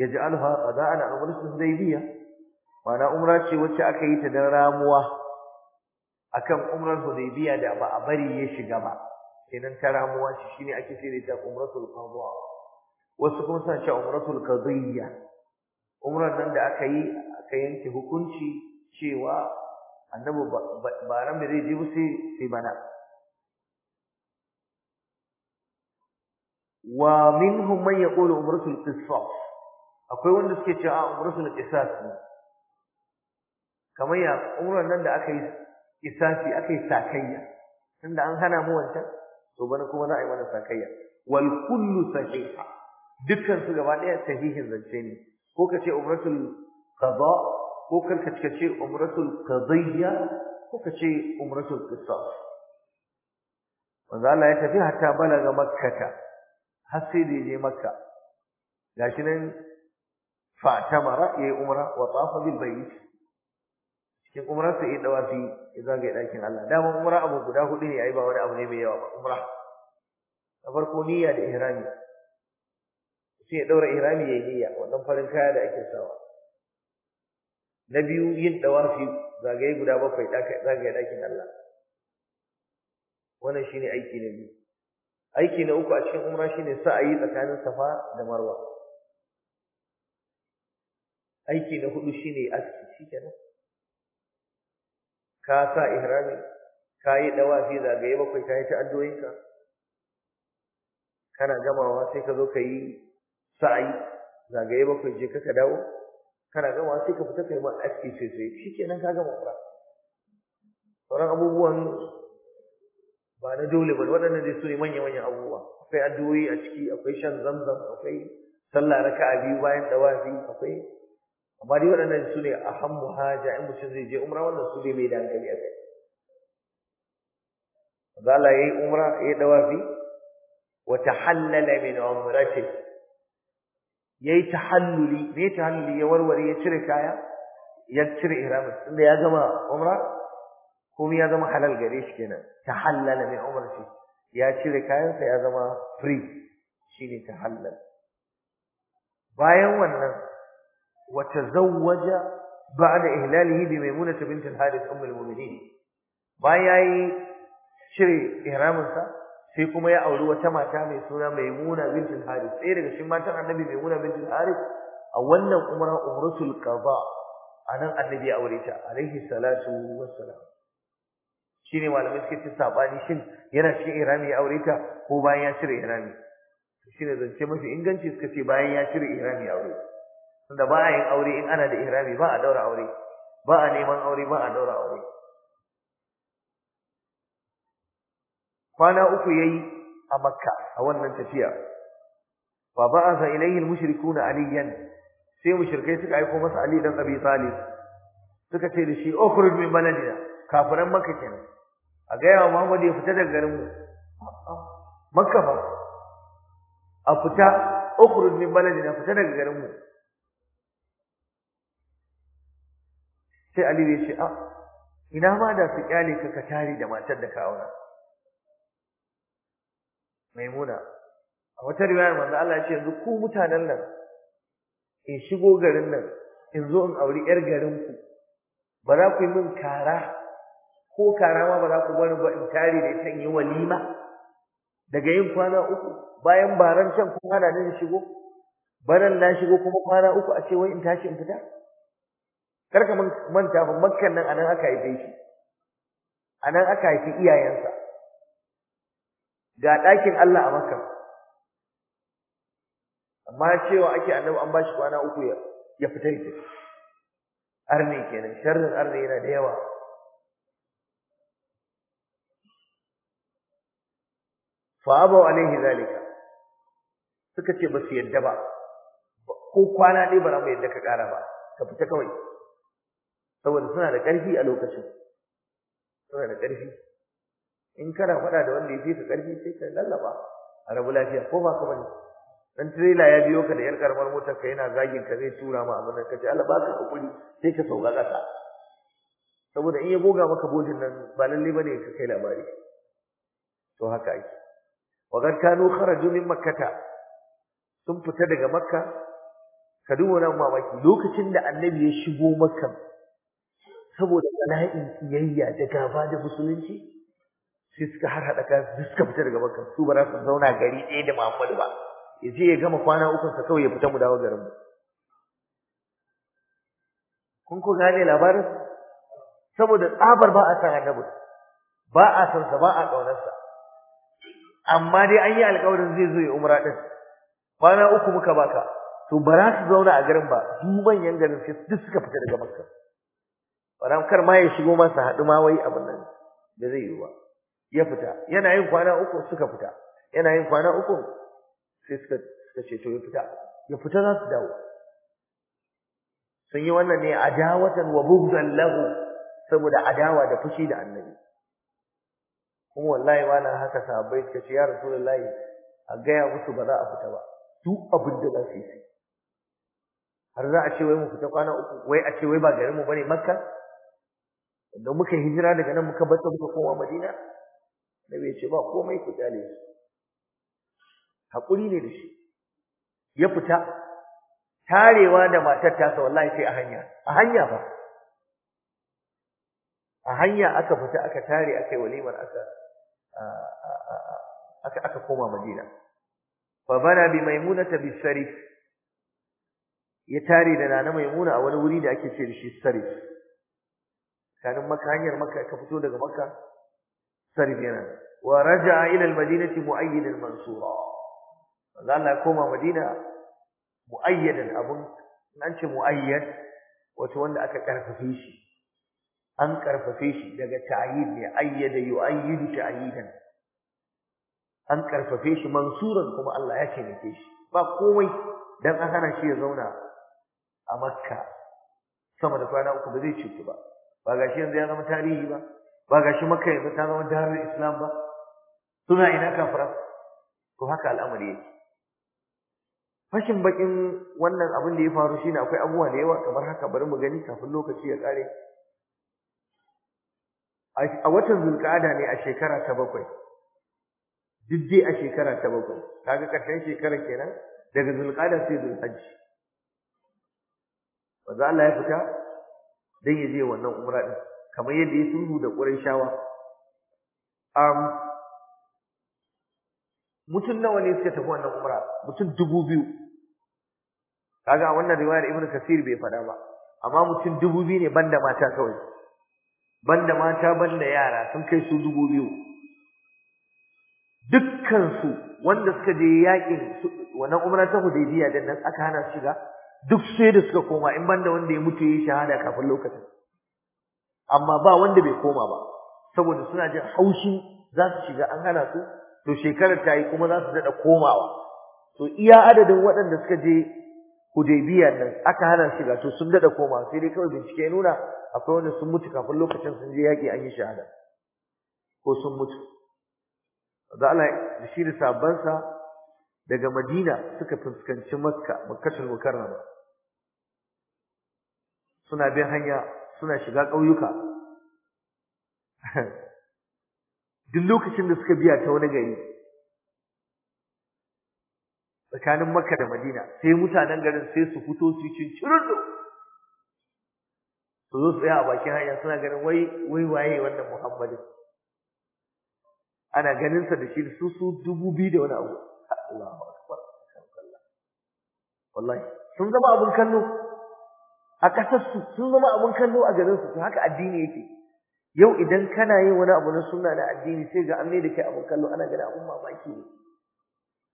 [SPEAKER 1] yaj'alha qada'an an umratul hudaybiyya ma'ana umra ce wacce aka yi ta dan ramuwa akan umrar hudaybiyya da ba a bari ya shiga ba kenan ta ramuwa shi shine ake ce da ita umratul qada wasu kuma suna umratul qadiyya umrar nan da aka yi aka yanke hukunci cewa annabi ba ran da zai je ba sai bana wa minhum man yaqulu umratul qisas akwai wanda suke cewa umratul qisas kamar ya umran nan da aka yi qisasi aka yi sakayya tunda an hana mu wancan to bana kuma za a yi mana sakayya wal kullu sahiha dukkan su gaba daya sahihin zance ne ko ka ce kace umratul qada ko ka ce kace umratul qadiyya ko ka kace umratul qisas manzo Allah ya tafi hatta balaga makkata har sai da ya je makka gashi nan fatamara yi umra wa tsafa bil bayt cikin umrar sa yayi dawafi ya zagaye dakin Allah dama umra abu guda hudu ne ai ba wani abu ne mai yawa ba umra da farko niyya da ihrami sai ya daura ihrami yayi niyya wannan farin kaya da ake sawa na biyu yin dawafi zagaye guda bakwai zagaye dakin Allah wannan shine aiki na biyu aiki na uku a cikin umra shine yi tsakanin safa da marwa aiki na hudu shine aski shikenan ka sa ihrami ka yi dawafi zagaye bakwai ka yi ta addu'o'inka kana gamawa sai ka zo ka yi sa'ayi zagaye bakwai je ka dawo kana gamawa sai ka fita kai ma aski sai sai shikenan ka gama umra sauran abubuwan ba na dole ba waɗannan dai su ne manya manya abubuwa akwai addu'o'i a ciki akwai shan zamzam akwai sallah raka'a biyu bayan dawafi akwai amma dai waɗannan su ne a hammu haja in mutum zai je umra wannan su ne mai da hankali a kai zala yayi umra ya yi dawafi wa hallala min umrati yayi tahalluli me halluli ya warware ya cire kaya ya cire ihramin tunda ya gama umra komai ya zama halal gare shi kenan ta halala mai umar ya cire kayansa ya zama free ne ta halal bayan wannan wa tazawwaja ba'da ihlalihi bi maimunah bint al-harith umm muminin bayan cire ihraminsa sai kuma ya auri wata mata mai suna maimuna bint al sai daga cikin matan annabi maimuna bint al a wannan umra umratul qada anan annabi ya aure ta alaihi salatu wassalam shine malamai suke ci sabani shin yana cikin irami ya aure ta ko bayan ya cire irami shine zance mafi inganci suka ce bayan ya cire irami ya aure tunda ba a yin aure in ana da irami ba a daura aure ba a neman aure ba a daura aure kwana uku yayi a makka a wannan tafiya fa ba'atha ilayhi al-mushrikuna aliyan sai mushrikai suka aika masa ali dan abi talib suka ce da shi okhruj min baladina kafiran makka kenan a gaya wa Muhammadu ya fita daga garin mu makka fa a fita ukhruj min na fita daga garin mu sai Ali ya ce a ah, ina ma da su kyale ka tare da matar da ka aura maimuna a wata riwaya manzo Allah ya ce yanzu ku mutanen nan in shigo garin nan in zo in auri yar garin ku ba za ku yi min kara ko karama ba za ku bari ba in tare da ita yi walima daga yin kwana uku bayan baran can kun hada ni shigo baran na shigo kuma kwana uku a ce wai in tashi in fita karka manta ba makkan nan anan aka haife shi anan aka yi iyayensa ga ɗakin Allah a makka amma cewa ake annabi an bashi kwana uku ya fita yake arne kenan sharrin arne yana da yawa fa abaw alaihi zalika suka ce ba su yadda ba ko kwana ɗaya ba za mu yadda ka ƙara ba ka fita kawai saboda suna da ƙarfi a lokacin suna da ƙarfi in kana faɗa da wanda ya fi ka ƙarfi sai ka lallaba a rabu lafiya ko ba ka bane dan trailer ya biyo ka da yar karamar motar ka yana zagin ka zai tura ma abin ka ce Allah baka hakuri sai ka sauka ƙasa saboda in ya goga maka bodin nan ba lalle bane ka kai labari to haka ake wa qad kanu kharaju min sun fita daga makka ka duba mamaki lokacin da annabi ya shigo makka saboda bala'in kiyayya da gaba da musulunci sai suka har hada ka suka fita daga makka su ba za su zauna gari ɗaya da Muhammad ba ya je ya gama kwana uku sa kawai ya fita mu dawo garin mu kun ko gane labarin saboda tsabar ba a san annabi ba a san sa ba a kaunarsa amma dai an yi alƙawarin zai zo ya umra din kwana uku muka baka to bara su zauna a garin ba duk manyan garin sai duk suka fita daga makka wannan kar ma ya shigo masa haɗu ma wai abin nan da zai yi ba ya fita yana yin kwana uku suka fita yana yin kwana uku sai suka suka ce to ya fita ya fita za su dawo sun yi wannan ne adawatan wa bughdan lahu saboda adawa da fushi da annabi kuma wallahi ma na haka sahabbai suka ce ya rasulullahi a gaya musu ba za a fita ba duk abin da za su yi har za a ce wai mu fita kwana uku wai a ce wai ba garin mu bane makka da muka hijira daga nan muka bar muka koma madina nabi ya ce ba komai ku kyale shi hakuri ne da shi ya fita tarewa da matar sa wallahi sai a hanya a hanya ba a hanya aka fita aka tare aka yi walimar aka aka aka koma madina fa bana bi maimunata bi sarif ya tare da nana maimuna a wani wuri da ake ce da shi sarif kanin maka hanyar maka ka fito daga maka sarif yana wa raja'a ila al-madinati mu'ayyidan mansura Allah ya koma madina mu'ayyadan abun an ce mu'ayyad wato wanda aka karfafe shi an karfafe shi daga ta'yid ne ayyada yu'ayyidu ta'yidan an karfafe shi mansuran kuma Allah ya taimake shi ba komai dan an hana shi ya zauna a Makka sama da kwana uku ba zai ci ba ba gashi yanzu ya zama tarihi ba ba gashi Makka yanzu ta zama darul Islam ba suna ina kafira to haka al'amari yake fashin bakin wannan abin da ya faru shine akwai abubuwa da yawa kamar haka bari mu gani kafin lokaci ya kare a watan zulqa'ada ne a shekara ta bakwai duk a shekara ta bakwai kaga karshen shekara kenan daga zulqa'ada sai zulhajji wanda Allah ya fita dan yaje wannan umra din kamar yadda ya sulhu da Qurayshawa am mutum nawa ne suka tafi wannan umra mutum dubu biyu kaga wannan riwayar Ibn Kasir bai faɗa ba amma mutum dubu biyu ne banda mata kawai banda mata banda yara sun kai su dubu biyu dukkan su wanda suka je yakin wannan umra ta hudaybiya da nan aka hana shiga duk sai da suka koma in banda wanda ya mutu yayin shahada kafin lokacin amma ba wanda bai koma ba saboda suna jin haushin za su shiga an hana su to shekarar ta yi kuma za su dada komawa to iya adadin waɗanda suka je Hudaybiya nan aka hana shiga to sun dada koma sai dai kawai bincike ya nuna akwai wanda sun mutu kafin lokacin sun je yaki an yi shahada ko sun mutu da Allah da shi da sabansa daga Madina suka fuskanci Makka Makkatul Mukarrama suna bin hanya suna shiga ƙauyuka duk lokacin da suka biya ta wani gari tsakanin Makka da Madina sai mutanen garin sai su fito su cincirindo su zo tsaya a bakin hanya suna ganin wai wai waye wannan Muhammadin ana ganin sa da shi su su dubu biyu da wani abu Allahu akbar wallahi sun zama abun kallo a kasar su sun zama abun kallo a garin su haka addini yake yau idan kana yin wani abu na sunna na addini sai ga an da kai abun kallo ana ganin abun mamaki ne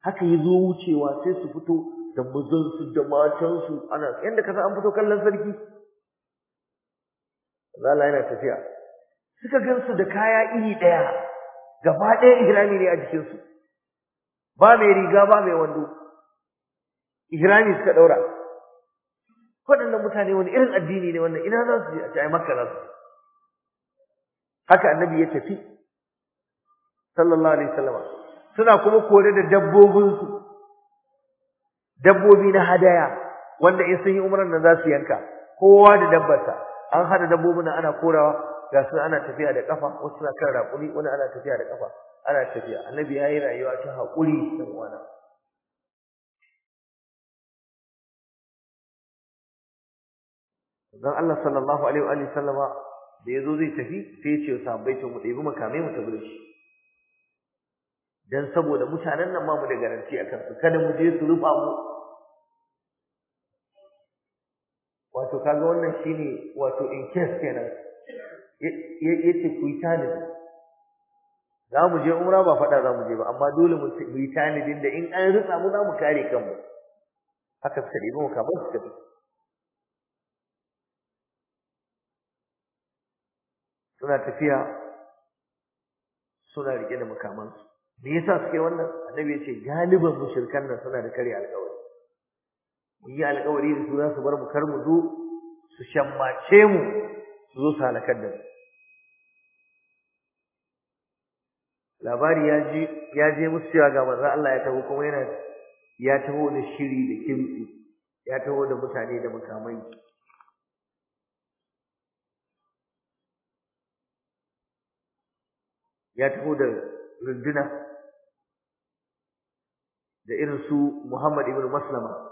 [SPEAKER 1] haka ya zo wucewa sai su fito da mazansu da matansu ana yadda kasa an fito kallon sarki zala yana tafiya suka gansu da kaya iri ɗaya gaba ɗaya ihrami ne a jikinsu ba mai riga ba mai wando ihrami suka ɗaura waɗannan mutane wani irin addini ne wannan ina za su je a ce makka za su haka annabi ya tafi sallallahu alaihi wasallam suna kuma kore da dabbobinsu dabbobi na hadaya wanda in sun yi umran nan za su yanka kowa da dabbarsa an hada dabbobin nan ana korawa ga su ana tafiya da kafa wasu suna kan rakuri wani ana tafiya da kafa ana tafiya annabi ya yi rayuwa ta haƙuri da uwana dan Allah sallallahu alaihi wa sallama da yazo zai tafi sai ya ce to mu ɗebi makamai mu tafi shi dan saboda mutanen nan ma mu da garanti a kansu kada mu je su rufa mu wato kaga wannan shine wato in case kenan yace ku yi tanadi za mu je umra ba faɗa za mu je ba amma dole mu yi din da in an rusa mu za mu kare kanmu haka suka ɗebi mu kamar suka bi suna tafiya suna rike da makamansu me yasa suke wannan annabi ya ce galiban mushrikan nan suna da kare alƙawari mun yi alƙawari da su za su bar mu kar mu zo su shammace mu su zo su halakar da mu labari ya ji ya je musu cewa ga manzo Allah ya taho kuma yana ya taho da shiri da kimtsi ya taho da mutane da mukamai ya taho da runduna da irin su Muhammad ibn Maslama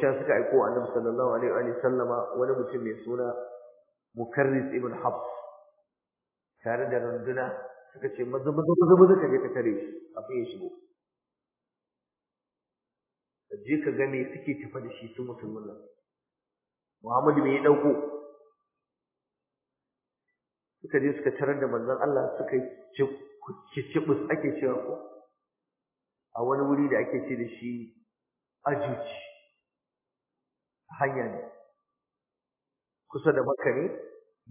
[SPEAKER 1] sha suka aiko Annabi sallallahu alaihi wa sallama wani mutum mai suna Mukarris ibn Habs tare da runduna suka ce maza maza maza maza ka ka tare shi abin ya shigo ka je ka ga me suke tafa da shi su musulmin nan Muhammad bai dauko suka je suka tarar da manzon Allah suka cicibus ake cewa ko a wani wuri da ake ce da shi ajuj hanya ne kusa da makka ne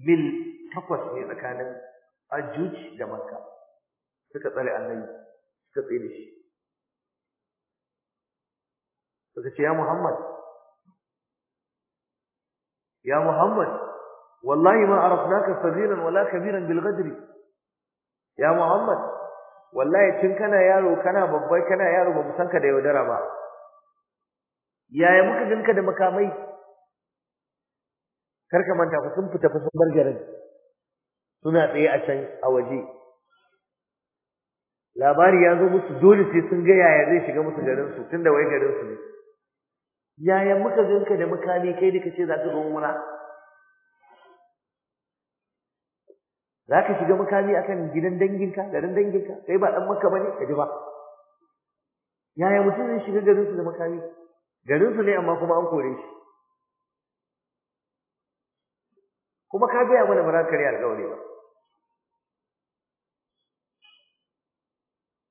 [SPEAKER 1] mil takwas ne tsakanin ajuj da makka suka tsare annabi suka tsaye da shi suka ce ya muhammad ya muhammad wallahi ma arafnaka saghiran wala kabiran bil ya muhammad wallahi tun kana yaro kana babbai kana yaro ba mu san ka da yaudara ba yaya muka ganka da makamai karka manta fa sun fita fa sun suna tsaye a can a waje labari ya zo musu dole sai sun ga yaya zai shiga musu garin tunda wai garin ne yaya muka ganka da makami kai da kace za ka zo muna za ka shiga makami akan gidan danginka garin danginka kai ba dan makka bane ka ji ba yaya mutum zai shiga garin su da makami garin su ne amma kuma an kore shi kuma ka biya mana ba za ka alƙawari ba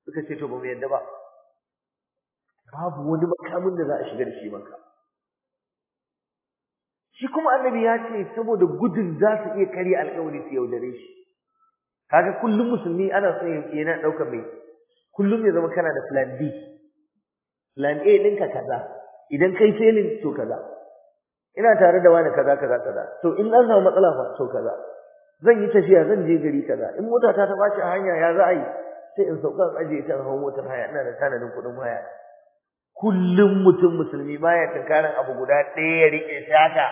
[SPEAKER 1] suka ce to ba mu yadda ba babu wani makamin da za a shiga da shi maka shi kuma annabi ya ce saboda gudun za su iya karya alƙawari su yaudare shi kaga kullum musulmi ana son yana ɗaukar mai kullum ya zama kana da plan B plan A dinka kaza idan kai failing to kaza ina tare da wani kaza kaza kaza to in an samu matsala fa to kaza zan yi tafiya zan je gari kaza in mota ta ta a hanya ya za a yi sai in sauka aje ta hawo motar haya ina da tanadin kuɗin haya kullum mutum musulmi baya tunkarin abu guda ɗaya ya rike shi haka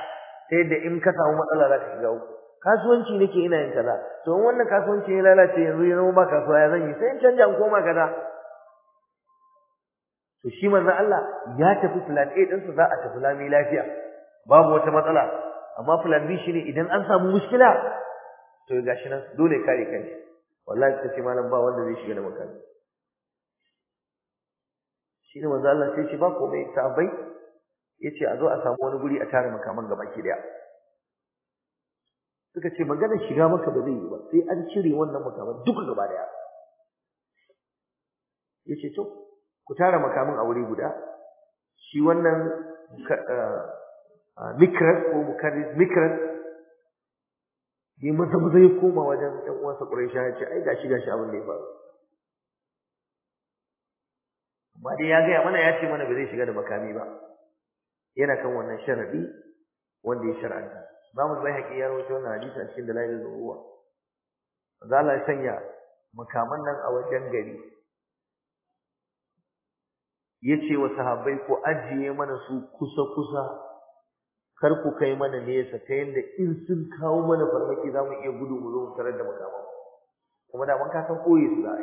[SPEAKER 1] sai da in ka samu matsala za ka shiga uku kasuwanci nake ina yin kaza to in wannan kasuwanci ya lalace yanzu ya zama ba kasuwa ya zan yi sai in canja in koma kaza to shi manzon Allah ya tafi plan A ɗinsa za a tafi lami lafiya babu wata matsala amma plan B shine idan an samu muskila, to gashi nan dole kare kai wallahi ce malam ba wanda zai shiga da makami shi ne manzo Allah sai shi ba komai bai yace a zo a samu wani guri a tare makaman gaba ki daya suka ce magana shiga maka ba zai yi ba sai an cire wannan makaman duka gaba daya yace to ku tara makamin a wuri guda shi wannan eh, mikran ko mukarris mikran ne masa ba zai koma wajen ɗan uwansa Quraysha ya ce ai gashi gashi abin da ya faru amma dai ya gaya mana ya ce mana ba zai shiga da makami ba yana kan wannan sharadi wanda ya shar'anta zamu al haƙi ya rawaito wannan hadisi a cikin dalilin zuwa? Za la sanya makaman nan a wajen gari. Yace wa sahabbai ko ajiye mana su kusa kusa kar ku kai mana nesa kai inda in sun kawo mana farmaki zamu iya gudu mu zo mu tarar da makaman. Kuma da man ka san koyi su za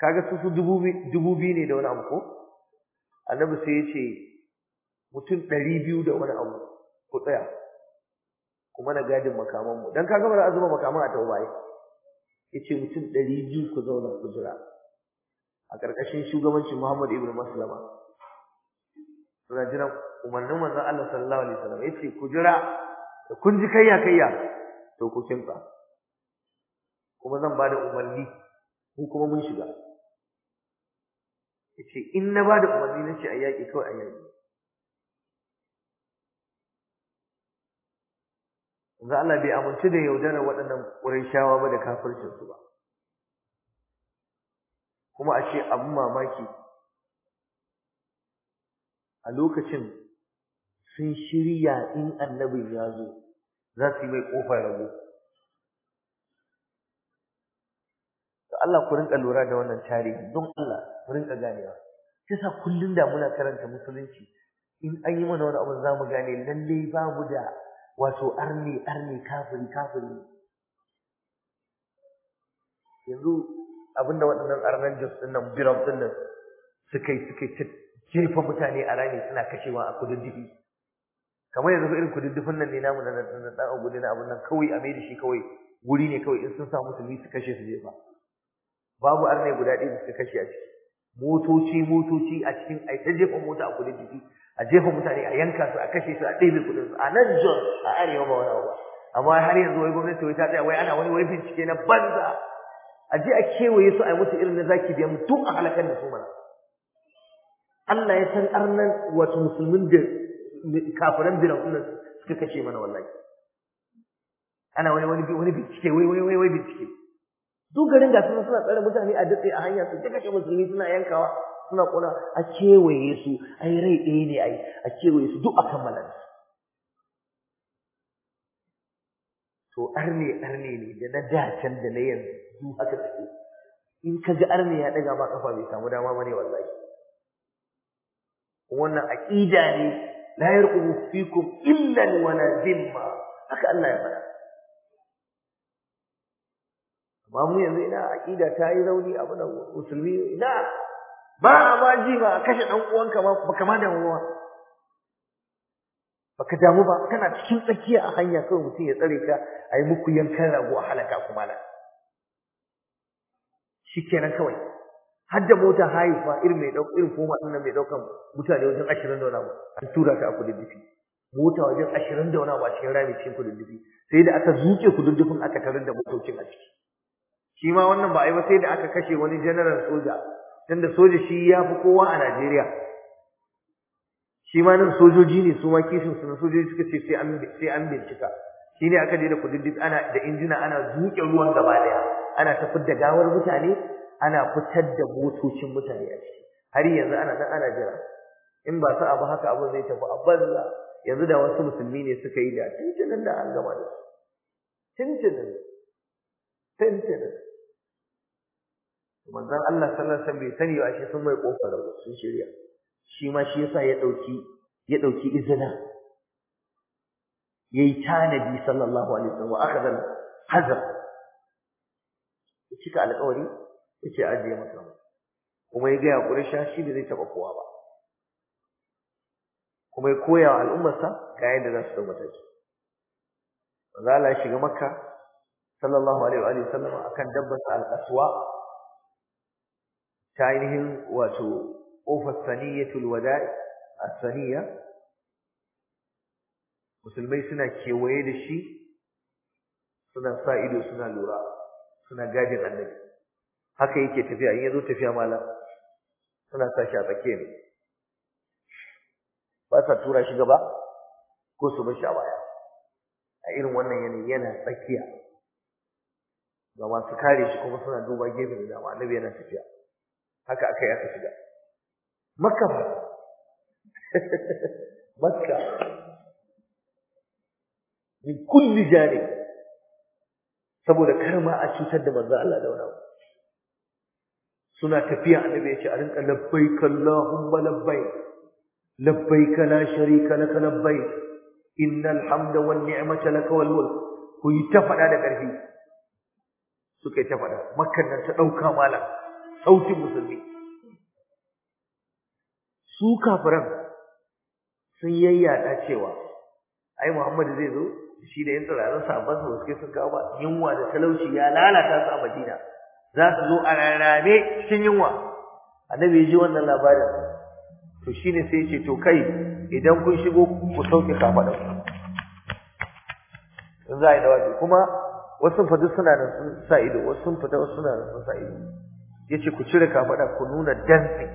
[SPEAKER 1] kaga su su dubu biyu ne da wani abu ko annabi sai ya ce mutum ɗari biyu da wani abu ku tsaya kuma na gadin makamanmu don kaga ba za a zuba makaman a ta'uba ya ce mutum ɗari biyu ku zauna ku jira a ƙarƙashin shugabancin Muhammad ibn Maslama suna jira umarnin manzon Allah sallallahu alaihi wasallam yace ku jira da kun ji kayya kayya to ku kinsa kuma zan ba da umarni ku kuma mun shiga yace in na bada umarni nace a yaki kawai a yaki Yanzu Allah bai amince da yaudarar waɗannan shawa ba da kafircin su ba kuma ashe abin mamaki a lokacin sun shirya in annabin ya zo za su yi mai ƙofar rabo Allah ku rinka lura da wannan tarihi don Allah mu rinka ganewa shi sa kullum da muna karanta musulunci in an yi mana wani abu za mu gane lalle babu da wato arne arne kafiri kafiri yanzu abinda waɗannan arnan jos ɗin nan biram ɗin nan suka yi suka jefa mutane a rami suna kashewa a kududdufi kamar yanzu irin kududdufin nan ne namu na na ɗan abu na abin nan kawai a mai da shi kawai wuri ne kawai in sun samu musulmi su kashe su jefa babu arne guda ɗaya da suka kashe a ciki motoci motoci a cikin a ta jefa mota a kudin jiki a jefa mutane a yanka su a kashe su a ɗebe kudin su a nan Jos a arewa ba wani ba amma har yanzu wai gwamnati wai ta tsaya wai ana wani wai bincike na banza a je a kewaye su a yi musu irin na zaki biya mutum a halakar da su mana Allah ya san arnan wato musulmin da kafiran biran kullum suka kashe mana wallahi ana wani wani bincike wai wai wai bincike duk garin gasu suna tsare mutane a dutse a hanya su duka ce musulmi suna yankawa suna kona a kewaye su yi rai ɗaya ne a kewaye su duk a kammala to arne arne ne da na dacen da na yanzu su haka suke in ka ga arne ya ɗaga ma kafa bai samu dama ba ne wallahi wannan ƙida ne la yarqubu fikum illa wala zimma haka Allah ya faɗa amma mu yanzu ina aqida ta yi rauni abu da musulmi ina ba a ba ji ba kashe dan uwanka ba ba kama damu ba baka damu ba kana cikin tsakiya a hanya kawai mutum ya tsare ka a yi muku yankan rago a halaka kuma na shikenan kawai har da mota haifa irin mai dauka irin koma din nan mai daukan mutane wajen ashirin da wani abu an tura ta a kududdufi mota wajen ashirin da wani abu a cikin rami cikin kududdufi sai da aka zuke kududdufin aka tarar da motocin a ciki shi ma wannan ba a yi ba sai da aka kashe wani general soja tunda soja shi ya fi kowa a Najeriya shi ma nan sojoji ne su ma kishin su na sojoji suka ce sai an sai an bincika aka je da kududdik ana da injina ana zuke ruwan gaba daya ana tafar da gawar mutane ana fitar da motocin mutane a ciki har yanzu ana nan ana jira in ba sa abu haka abu zai tafi a banza yanzu da wasu musulmi ne suka yi da tuntunan da an gama da su tuntunan tuntunan manzon Allah sallallahu alaihi wasallam bai sani ba shi sun mai kofar sun shirya shi ma shi yasa ya dauki ya dauki izina yayi tanadi sallallahu alaihi wasallam wa akhadha hazar cika alƙawari yace aje masa kuma ya ga yakuri sha shi bai zai taba kowa ba kuma ya koya wa al'ummarsa ga yadda za su dau mataki manzo Allah ya shiga makka sallallahu alaihi wa sallam akan dabbar al-aswa ta ainihin wato ƙofar saniyatul wada'i a saniya musulmai suna kewaye da shi suna sa ido suna lura suna gadin annabi haka yake tafiya in ya zo tafiya malam suna sa shi a tsakiya ne ba sa tura shi gaba ko su bar shi a baya a irin wannan yanayi yana tsakiya ga masu kare shi kuma suna duba gefen da dama annabi yana tafiya haka aka yi aka shiga makka ba makka min kulli jani saboda karma a cutar da manzo Allah da wani suna tafiya annabi ya ce a rinka Labbai Allahumma labbaik labbai, la sharika lak labbaik innal hamda wan ni'mata lak wal mulk ku yi ta faɗa da karfi suka yi ta faɗa, makkan nan ta ɗauka malam sautin musulmi su kafiran sun yayyada cewa ai Muhammadu zai zo shi da yin tsirarin sabon su suke sun kawo ba yunwa da talauci ya lalata su a Madina za su zo a rarrame cikin yunwa annabi ya ji wannan labarin to shine sai ya ce to kai idan kun shigo ku sauke kafadan in za a yi dawaji kuma wasu fadu suna da sun sa ido wasu sun suna da sun sa ido yace ku cire kafada ku nuna dantsi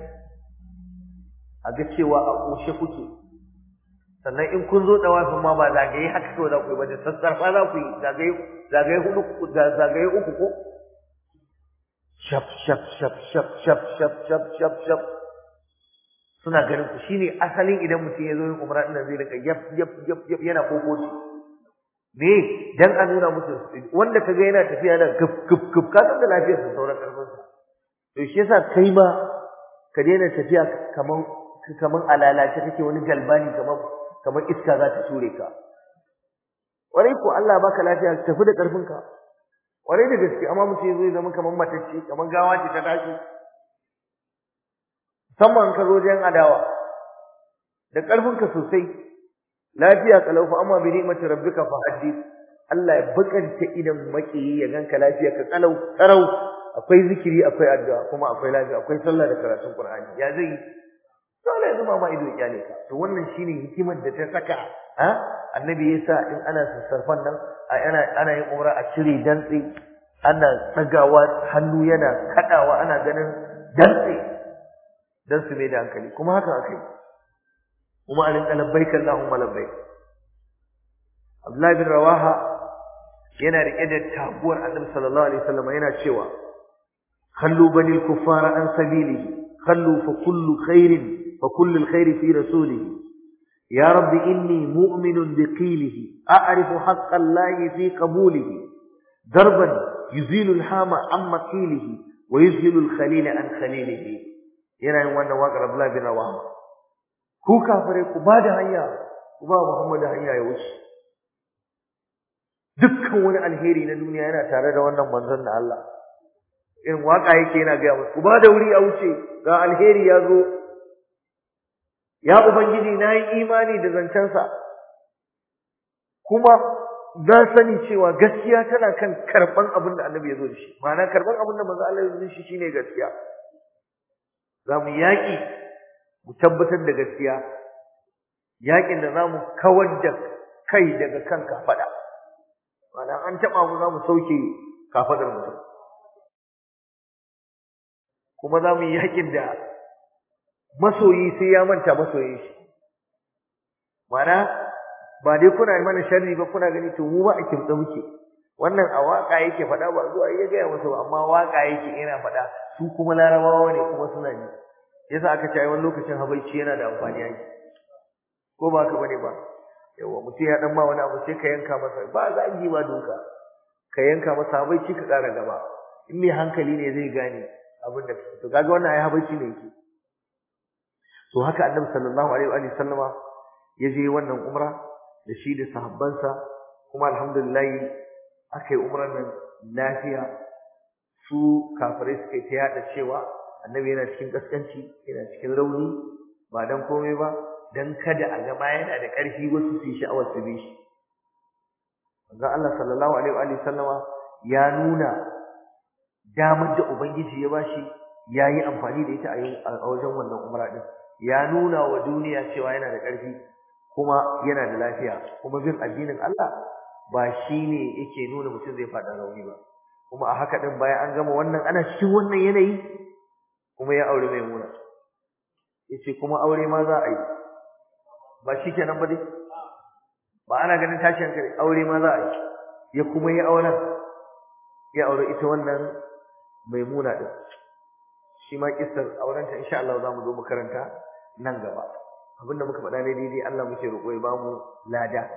[SPEAKER 1] a ga cewa a koshe kuke sannan in kun zo dawafin ma ba zagaye haka kawai za ku yi ba da sassarfa za ku yi zagaye zagaye hudu zagaye uku ko shaf shaf shaf shaf shaf shaf shaf shaf shaf suna ganin ku shine asalin idan mutum ya zo yin umra din zai rika yaf yaf yaf yaf yana kokoci me dan a nuna musu wanda kaga yana tafiya nan gub gub gub ka san da lafiyar sa sauran to shi yasa kai ma ka daina tafiya kaman kaman alalace kake wani galbani kaman kaman iska za ta shure ka Wani ko Allah baka lafiya tafi da karfin ka warai da gaske amma mutum zai zama kaman matacce kaman gawa ce ta tashi musamman ka zo jan adawa da karfin ka sosai lafiya kalaufa amma bi ni'mati rabbika fa hadith Allah ya bukanta idan makiyi ya ganka lafiya ka kalau tarau akwai zikiri akwai addu'a kuma akwai lafiya akwai sallah da karatun Qur'ani ya zai dole zuma ma ido ya ne to wannan shine hikimar da ta saka ha annabi yasa in ana sassarfan nan ana ana yin umra a cire dantse ana tsagawa hannu yana kadawa ana ganin dantse dan su mai da hankali kuma haka akai kuma alin labbaik Allahumma labbaik Abdullah bin Rawaha yana rike da taguwar Annabi sallallahu alaihi wasallam yana cewa خلوا بني الكفار عن سبيله خلوا فكل خير فكل الخير في رسوله يا رب إني مؤمن بقيله أعرف حق الله في قبوله دربا يزيل الحام عن مكيله ويزيل الخليل عن خليله هنا يوانا واقر لا بنا وهم كو كافر كباد هيا كبا محمد هيا يوش دكونا الهيري لدنيا na duniya yana tare da irin waka yake yana gaya musu ku da wuri a wuce ga alheri ya zo ya ubangiji na yi imani da zancensa kuma za sani cewa gaskiya tana kan karban abin da annabi ya zo da shi ma'ana karban abin da manzo Allah ya zo da shi shine gaskiya za mu yaƙi mu tabbatar da gaskiya yaƙin da za mu kawar da kai daga kan kafaɗa ma'ana an taɓa mu za mu sauke kafadar mutum kuma za mu yi haƙin da masoyi sai ya manta masoyi shi mana ba dai kuna mana sharri ba kuna gani to mu ba a kimta muke wannan a waka yake faɗa ba zuwa iya gaya masa ba amma waka yake yana faɗa su kuma larabawa ne kuma suna ji yasa aka ce wani lokacin habaici yana da amfani ai ko ba ka bane ba yawa mutum ya dan ma wani abu sai ka yanka masa ba za a yi ba doka ka yanka masa habaici ka ƙara gaba in mai hankali ne zai gane abinda da kake to kaga wannan ai habaici ne yake to haka annabi sallallahu alaihi wa sallama ya je wannan umra da shi da sahabbansa kuma alhamdulillah akai umran nan lafiya su kafirai suke ta yada cewa annabi yana cikin gaskanci yana cikin rauni ba dan komai ba dan kada a gaba yana da ƙarfi wasu su shi sha'awar su bi shi Allah sallallahu alaihi wa sallama ya nuna damar da ubangiji ya bashi ya yi amfani da ita a wajen wannan umara ɗin ya nuna wa duniya cewa yana da ƙarfi kuma yana da lafiya kuma bin addinin Allah ba shi ne yake nuna mutum zai faɗa rauni ba kuma a haka ɗin bayan an gama wannan ana cikin wannan yanayi kuma ya aure mai muna ce kuma aure ma za a yi ba shi nan ba dai ba ana ganin tashin hankali aure ma za a yi ya kuma yi auren ya aure ita wannan maimuna din shi ma kissar aurenta insha Allah zamu zo mu karanta nan gaba abinda muka faɗa ne daidai Allah muke roƙo ya bamu lada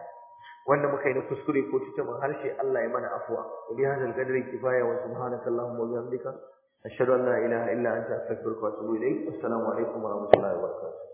[SPEAKER 1] wanda muka yi na kuskure ko tutumin harshe Allah ya mana afwa wa bi hadzal qadri kifaya wa subhanaka allahumma wa bihamdika ashhadu an la ilaha illa anta astaghfiruka wa atubu ilayk assalamu alaikum wa rahmatullahi wa barakatuh